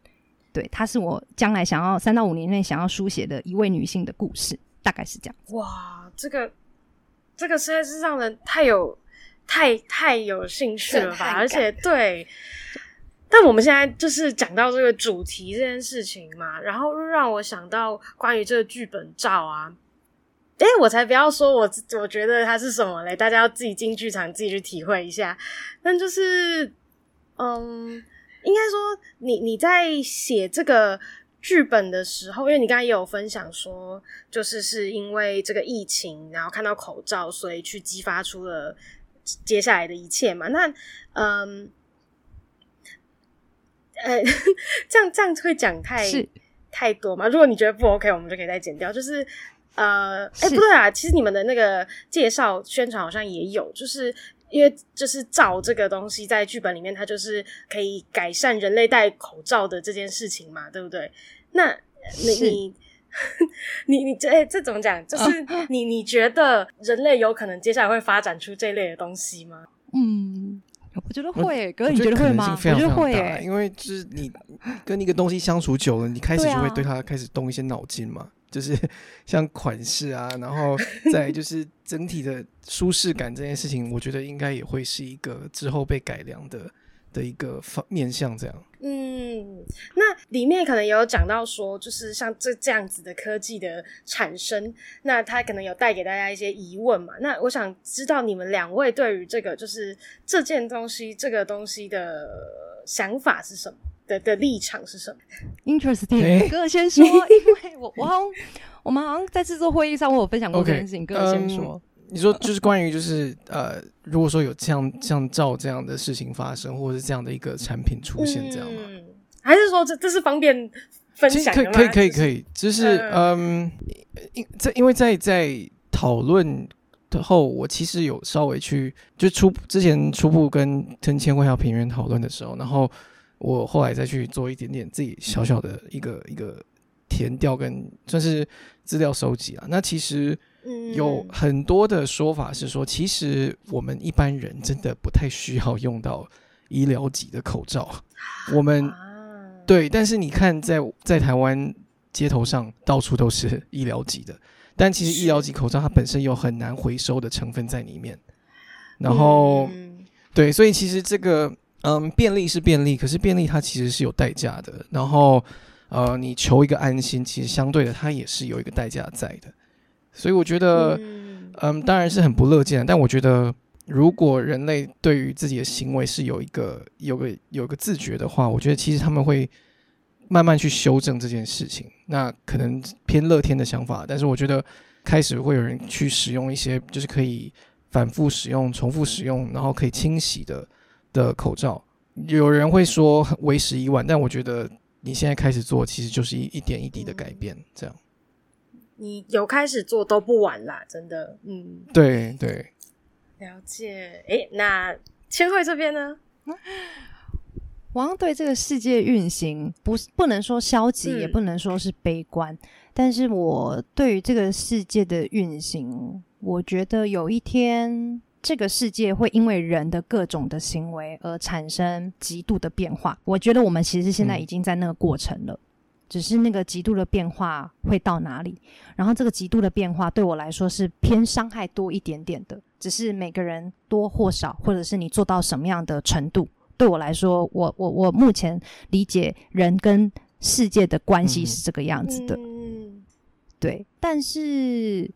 對，它是我將來想要三到五年內想要書寫的一位女性的故事，大概是這樣。哇，這個這個實在是讓人太有太太有興趣了吧！而且對， [LAUGHS] 但我們現在就是講到這個主題這件事情嘛，然後讓我想到關於這個劇本 Zào 啊，誒、欸，我才不要說我，我我覺得它是什麼嘞？大家要自己進劇場自己去體會一下。但就是。嗯，應該說你你在寫這個劇本的時候，因為你剛才也有分享說，就是是因為這個疫情，然後看到口罩，所以去激發出了接下來的一切嘛？那嗯，呃、欸，這樣這樣會講太太多嘛？如果你覺得不 OK，我們就可以再剪掉。就是呃，哎，欸，不對啊，其實你們的那個介紹宣傳好像也有，就是。因為就是造這個東西在劇本裡面，它就是可以改善人類戴口罩的這件事情嘛，對不對？那你你你你這、欸、這怎麼講？就是你、啊、你覺得人類有可能接下來會發展出這類的東西嗎？嗯，我覺得會、欸，哥，你覺得會嗎？我覺得可能性非常非常大，我覺得會、欸，因為就是你跟一個東西相處久了，你開始就會對它開始動一些腦筋嘛。就是像款式啊，然後再就是整體的舒適感這件事情， [LAUGHS] 我覺得應該也會是一個之後被改良的的一個方面向這樣。嗯，那裡面可能也有講到說，就是像這這樣子的科技的產生，那它可能有帶給大家一些疑問嘛。那我想知道你們兩位對於這個就是這件東西、這個東西的想法是什麼？的的立場是什麼？Interesting，哥、欸、哥先說， [LAUGHS] 因為我我好像我們好像在制作會議上，我有分享過這件事情。哥、okay, 哥先說、嗯，你說就是關於就是呃，如果說有這樣像造這樣的事情發生，或者是這樣的一個產品出現，嗯、這樣嗎？還是說這這是方便分享可？可以可以可以可以，就是,嗯,是嗯，因因為在在討論後，我其實有稍微去就初之前初步跟陳千惠和平原討論的時候，然後。我後來再去做一點點自己小小的一個一個田調跟算是資料收集啊。那其實有很多的說法是說，其實我們一般人真的不太需要用到醫療級的口罩。我們對，但是你看在，在在台灣街頭上到處都是醫療級的，但其實醫療級口罩它本身有很難回收的成分在裡面。然後對，所以其實這個。嗯，便利是便利，可是便利它其實是有代價的。然後，呃，你求一個安心，其實相對的它也是有一個代價在的。所以我覺得，嗯，當然是很不樂見的。但我覺得，如果人類對於自己的行為是有一個、有個、有個自覺的話，我覺得其實他們會慢慢去修正這件事情。那可能偏樂天的想法，但是我覺得開始會有人去使用一些，就是可以反覆使用、重複使用，然後可以清洗的的口罩，有人會說為時已晚，但我覺得你現在開始做，其實就是一一點一滴的改變，嗯。這樣，你有開始做都不晚啦，真的，嗯，對對，了解。哎，那千惠這邊呢？王、嗯、對這個世界運行，不不能說消極、嗯，也不能說是悲觀，但是我對於這個世界的運行，我覺得有一天。這個世界會因為人的各種的行為而產生極度的變化。我覺得我們其實現在已經在那個過程了，嗯，只是那個極度的變化會到哪裡？然後這個極度的變化對我來說是偏傷害多一點點的，只是每個人多或少，或者是你做到什麼樣的程度，對我來說，我我我目前理解人跟世界的關係是這個樣子的。嗯，對，但是。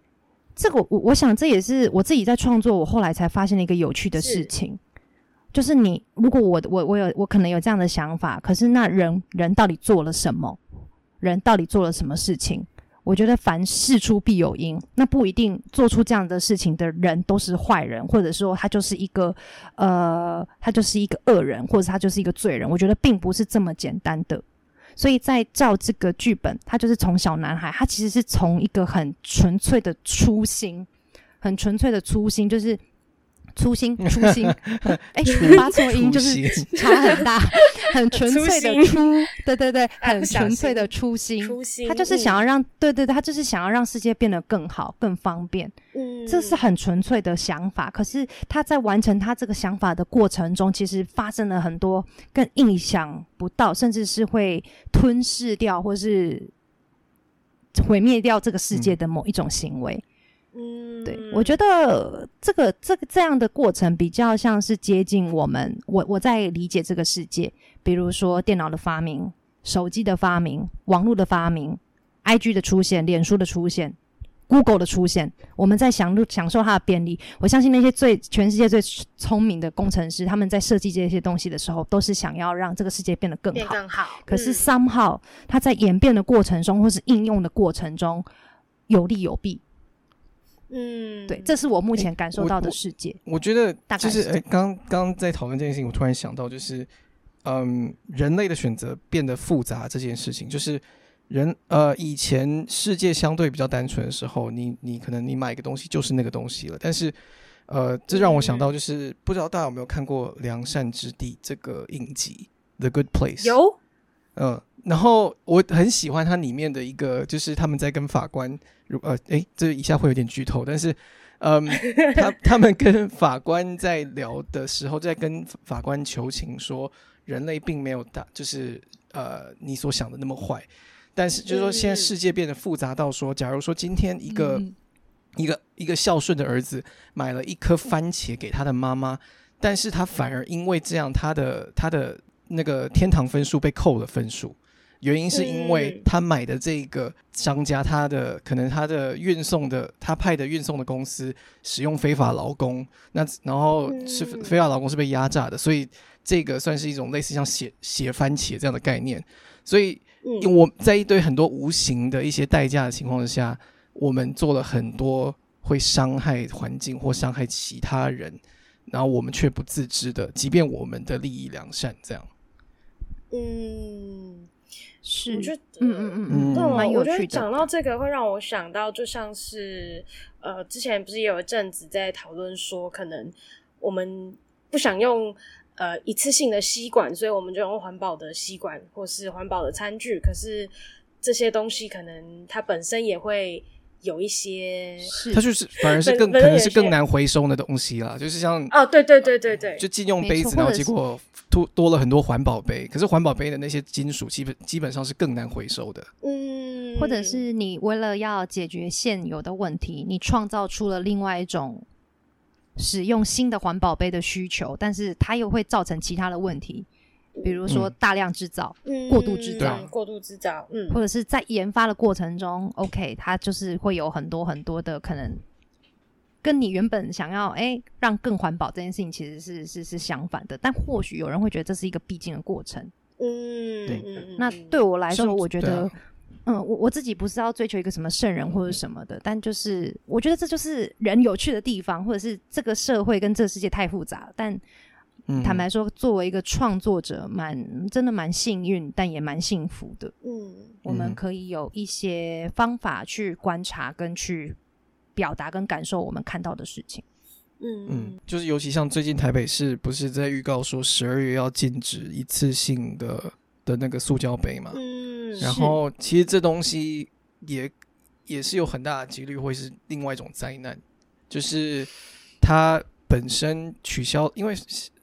這個我我想這也是我自己在創作，我後來才發現了一個有趣的事情，是就是你如果我我我有我可能有這樣的想法，可是那人人到底做了什麼？人到底做了什麼事情？我覺得凡事出必有因，那不一定做出這樣的事情的人都是壞人，或者說他就是一個呃他就是一個惡人，或者他就是一個罪人，我覺得並不是這麼簡單的。所以，在照這個劇本，他就是從小男孩，他其實是從一個很純粹的初心，很純粹的初心，就是。初心，初心。哎， [LAUGHS] 欸、你發錯音就是差很大，很純粹的初， [LAUGHS] 初，對對對，很純粹的初心，心初心。他就是想要讓，嗯、對，對對，他就是想要讓世界變得更好、更方便。嗯，這是很純粹的想法。可是他在完成他這個想法的過程中，其實發生了很多更意想不到，甚至是會吞噬掉或是毀滅掉這個世界的某一種行為。嗯嗯，對，我覺得這個這個這樣的過程比較像是接近我們，我我在理解這個世界。比如說電腦的發明、手機的發明、網絡的發明、IG 的出現、臉書的出現、Google 的出現，我們在享受享受它的便利。我相信那些最全世界最聰明的工程師，他們在設計這些東西的時候，都是想要讓這個世界變得更好。變得更好。可是 somehow，嗯，它在演變的過程中，或是應用的過程中，有利有弊。嗯，對，這是我目前感受到的世界。欸、我，我，我覺得，就是剛剛、欸、在討論這件事情，我突然想到，就是嗯，人類的選擇變得複雜這件事情，就是人呃，以前世界相對比較單純的時候，你你可能你買一個東西就是那個東西了。但是，呃，這讓我想到，就是不知道大家有沒有看過《良善之地》這個影集《The Good Place》？有，嗯、呃。然後我很喜歡它裡面的一個，就是他們在跟法官如呃哎，這一下會有點劇透，但是嗯，他他們跟法官在聊的時候，在跟法官求情說，人類並沒有大，就是呃你所想的那麼壞，但是就是說現在世界變得複雜到說，假如說今天一個、嗯、一個一個孝順的兒子買了一顆番茄給他的媽媽，但是他反而因為這樣，他的他的那個天堂分數被扣了分數。原因是因為他買的這個商家，他的可能他的運送的他派的運送的公司使用非法勞工，那然後是非法勞工是被壓榨的，所以這個算是一種類似像血血番茄這樣的概念。所以我在一堆很多無形的一些代價的情況下，我們做了很多會傷害環境或傷害其他人，然後我們卻不自知的，即便我們的利益良善這樣，嗯。是，我覺得嗯嗯嗯嗯，蠻、嗯、我，我覺得講到這個，會讓我想到，就像是呃，之前不是也有一陣子在討論說，可能我們不想用呃一次性的吸管，所以我們就用環保的吸管或是環保的餐具，可是這些東西，可能它本身也會。有一些是，它就是反而是更 [LAUGHS] 可能是更難回收的東西啦， [LAUGHS] 就是像哦、oh, 嗯，對對對對對，就禁用杯子，然後結果突多了很多環保杯，是可是環保杯的那些金屬基本基本上是更難回收的，嗯，或者是你為了要解決現有的問題，你創造出了另外一種使用新的環保杯的需求，但是它又會造成其他的問題。比如說大量製造、嗯、過度製造、嗯嗯、過度製造，嗯，或者是在研發的過程中、嗯、OK，它就是會有很多很多的可能，跟你原本想要哎、欸、讓更環保這件事情其實是是是，是相反的。但或許有人會覺得這是一個必經的過程，嗯，對。那對我來說，我覺得，是是啊、嗯，我我自己不是要追求一個什麼聖人或者什麼的，嗯、但就是我覺得這就是人有趣的地方，或者是這個社會跟這個世界太複雜，但。坦白說，作為一個創作者，蠻真的蠻幸運，但也蠻幸福的。嗯，我們可以有一些方法去觀察跟去表達跟感受我們看到的事情。嗯嗯，就是尤其像最近台北市不是在預告說十二月要禁止一次性的的那個塑膠杯嘛？嗯，然後其實這東西也也是有很大的幾率會是另外一種災難，就是它。本身取消，因為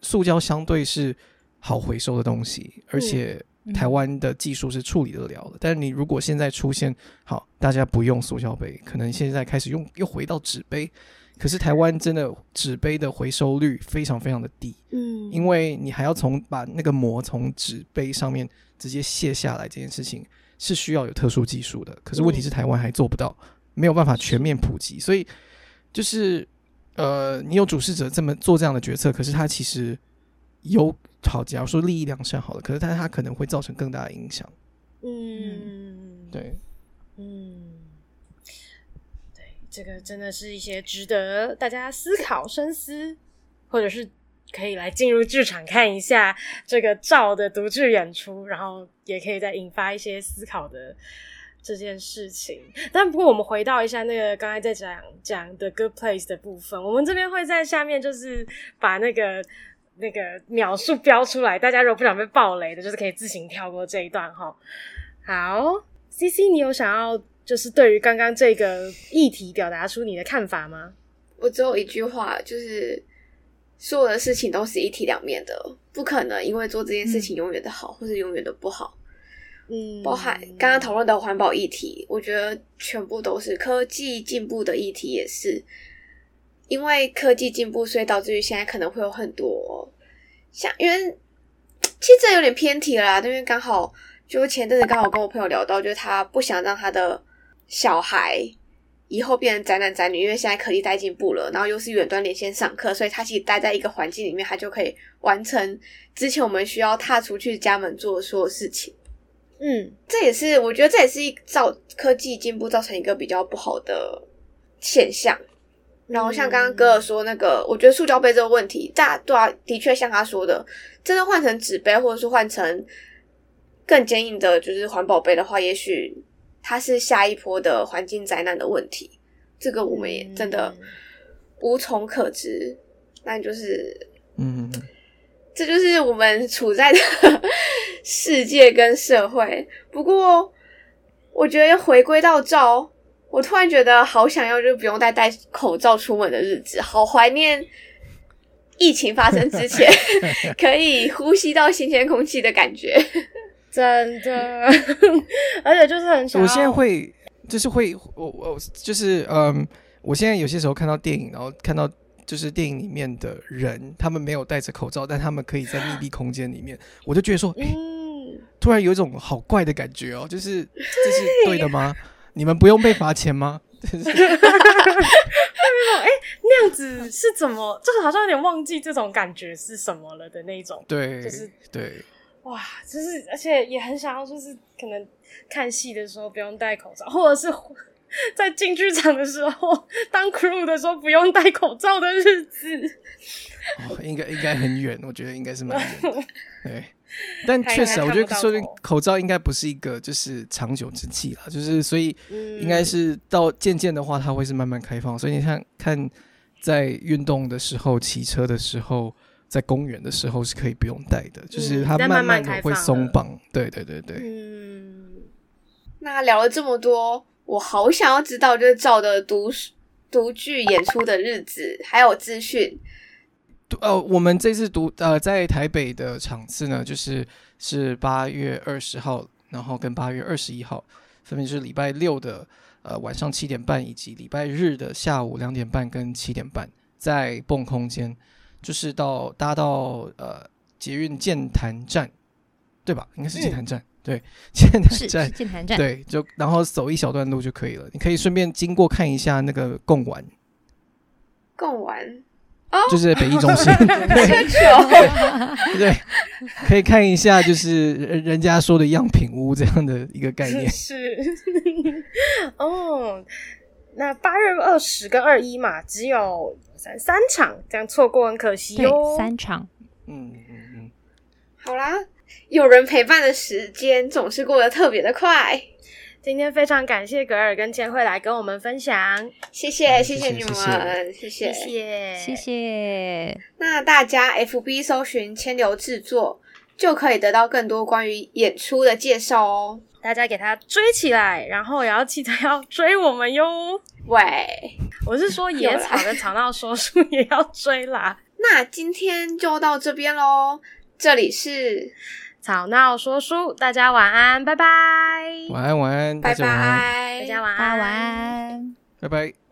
塑膠相對是好回收的東西，而且台灣的技術是處理得了的。但是你如果現在出現好，大家不用塑膠杯，可能現在開始用又回到紙杯，可是台灣真的紙杯的回收率非常非常的低，嗯，因為你還要從把那個膜從紙杯上面直接卸下來，這件事情是需要有特殊技術的。可是問題是台灣還做不到，沒有辦法全面普及，嗯、所以就是。呃，你有主事者這麼做這樣的決策，可是他其實有好假如說利益良善好了，可是他他可能會造成更大的影響。嗯，對，嗯，對，這個真的是一些值得大家思考、深思，或者是可以來進入劇場看一下這個 Zào 的讀劇演出，然後也可以再引發一些思考的。這件事情，但不過我們回到一下那個剛才在講講的 Good Place 的部分，我們這邊會在下面就是把那個那個秒數標出來，大家如果不想被爆雷的，就是可以自行跳過這一段哈、哦。好，CC，你有想要就是對於剛剛這個議題表達出你的看法嗎？我只有一句話，就是做的事情都是一體兩面的，不可能因為做這件事情永遠的好、嗯、或是永遠的不好。嗯，包含剛剛討論的環保議題，我覺得全部都是科技進步的議題，也是因為科技進步，所以導致於現在可能會有很多像，因為其實這有點偏題了啦，因為剛好就前陣子剛好跟我朋友聊到，就是他不想讓他的小孩以後變成宅男宅女，因為現在科技太進步了，然後又是遠端連線上課，所以他其實待在一個環境裡面，他就可以完成之前我們需要踏出去家門做的所有事情。嗯，這也是我覺得，這也是一造科技進步造成一個比較不好的現象。然後像剛剛格爾說那個、嗯，我覺得塑膠杯這個問題，大對、啊，的確像他說的，真的換成紙杯，或者是換成更堅硬的就是環保杯的話，也許它是下一波的環境災難的問題。這個我們也真的無從可知。嗯、但就是，嗯，這就是我們處在的。嗯 [LAUGHS] 世界跟社會，不過我覺得回歸到 Zào，我突然覺得好想要，就不用再戴、戴口罩出門的日子，好懷念疫情發生之前 [LAUGHS] 可以呼吸到新鮮空氣的感覺， [LAUGHS] 真的， [LAUGHS] 而且就是很想。我現在會就是會我我就是嗯，我現在有些時候看到電影，然後看到。就是電影裡面的人，他們沒有戴着口罩，但他們可以在密閉空間裡面、嗯，我就覺得說、欸，突然有一種好怪的感覺哦、喔，就是這是對的嗎？你們不用被罰錢嗎？為什麼？欸，那樣子是怎麼？就是好像有點忘記這種感覺是什麼了的那種。對，就是對，哇，就是而且也很想要，就是可能看戲的時候不用戴口罩，或者是。在進劇場的時候，當 crew 的時候不用戴口罩的日子，哦、應該應該很遠，我覺得應該是蠻遠的。 [LAUGHS] 對，但確實、啊還還，我覺得說明口罩應該不是一個就是長久之計了，就是所以應該是到漸漸的話，它會是慢慢開放。嗯、所以你看看，在運動的時候、騎車的時候、在公園的時候是可以不用戴的，就是它慢慢會鬆綁、嗯。對對對對，嗯。那聊了這麼多。我好想要知道，就是 Zào 的讀讀劇演出的日子還有資訊。呃，我們這次讀呃在台北的場次呢，就是是八月二十號，然後跟八月二十一號，分別就是禮拜六的呃晚上七點半，以及禮拜日的下午兩點半跟七點半，在蹦空間，就是到搭到呃捷運劍潭站，對吧？應該是劍潭站。嗯對，劍潭站，劍潭站，對，就然後走一小段路就可以了。你可以順便經過看一下那個貢丸，貢丸、oh. 就是北藝中心 [LAUGHS] [LAUGHS] 對對，對，可以看一下，就是人家說的樣品屋這樣的一個概念。 [LAUGHS] 是，哦、 [LAUGHS] oh,，那八月二十跟二一嘛，只有三三場，這樣錯過很可惜哦。三場，嗯嗯嗯，好啦。有人陪伴的時間總是過得特別的快。今天非常感謝格爾跟千惠來跟我們分享，謝謝謝謝你們，謝謝謝謝謝謝,謝謝。那大家 FB 搜尋千流制作，就可以得到更多關於演出的介紹哦。大家給他追起來，然後也要記得要追我們喲。喂，我是說野草跟 [LAUGHS] 草鬧說書也要追啦。 [LAUGHS] 那今天就到這邊嘍。這裡是吵鬧說書，大家晚安，拜拜。晚安，晚安，晚安，拜拜。大家晚安，晚安，拜拜。拜拜。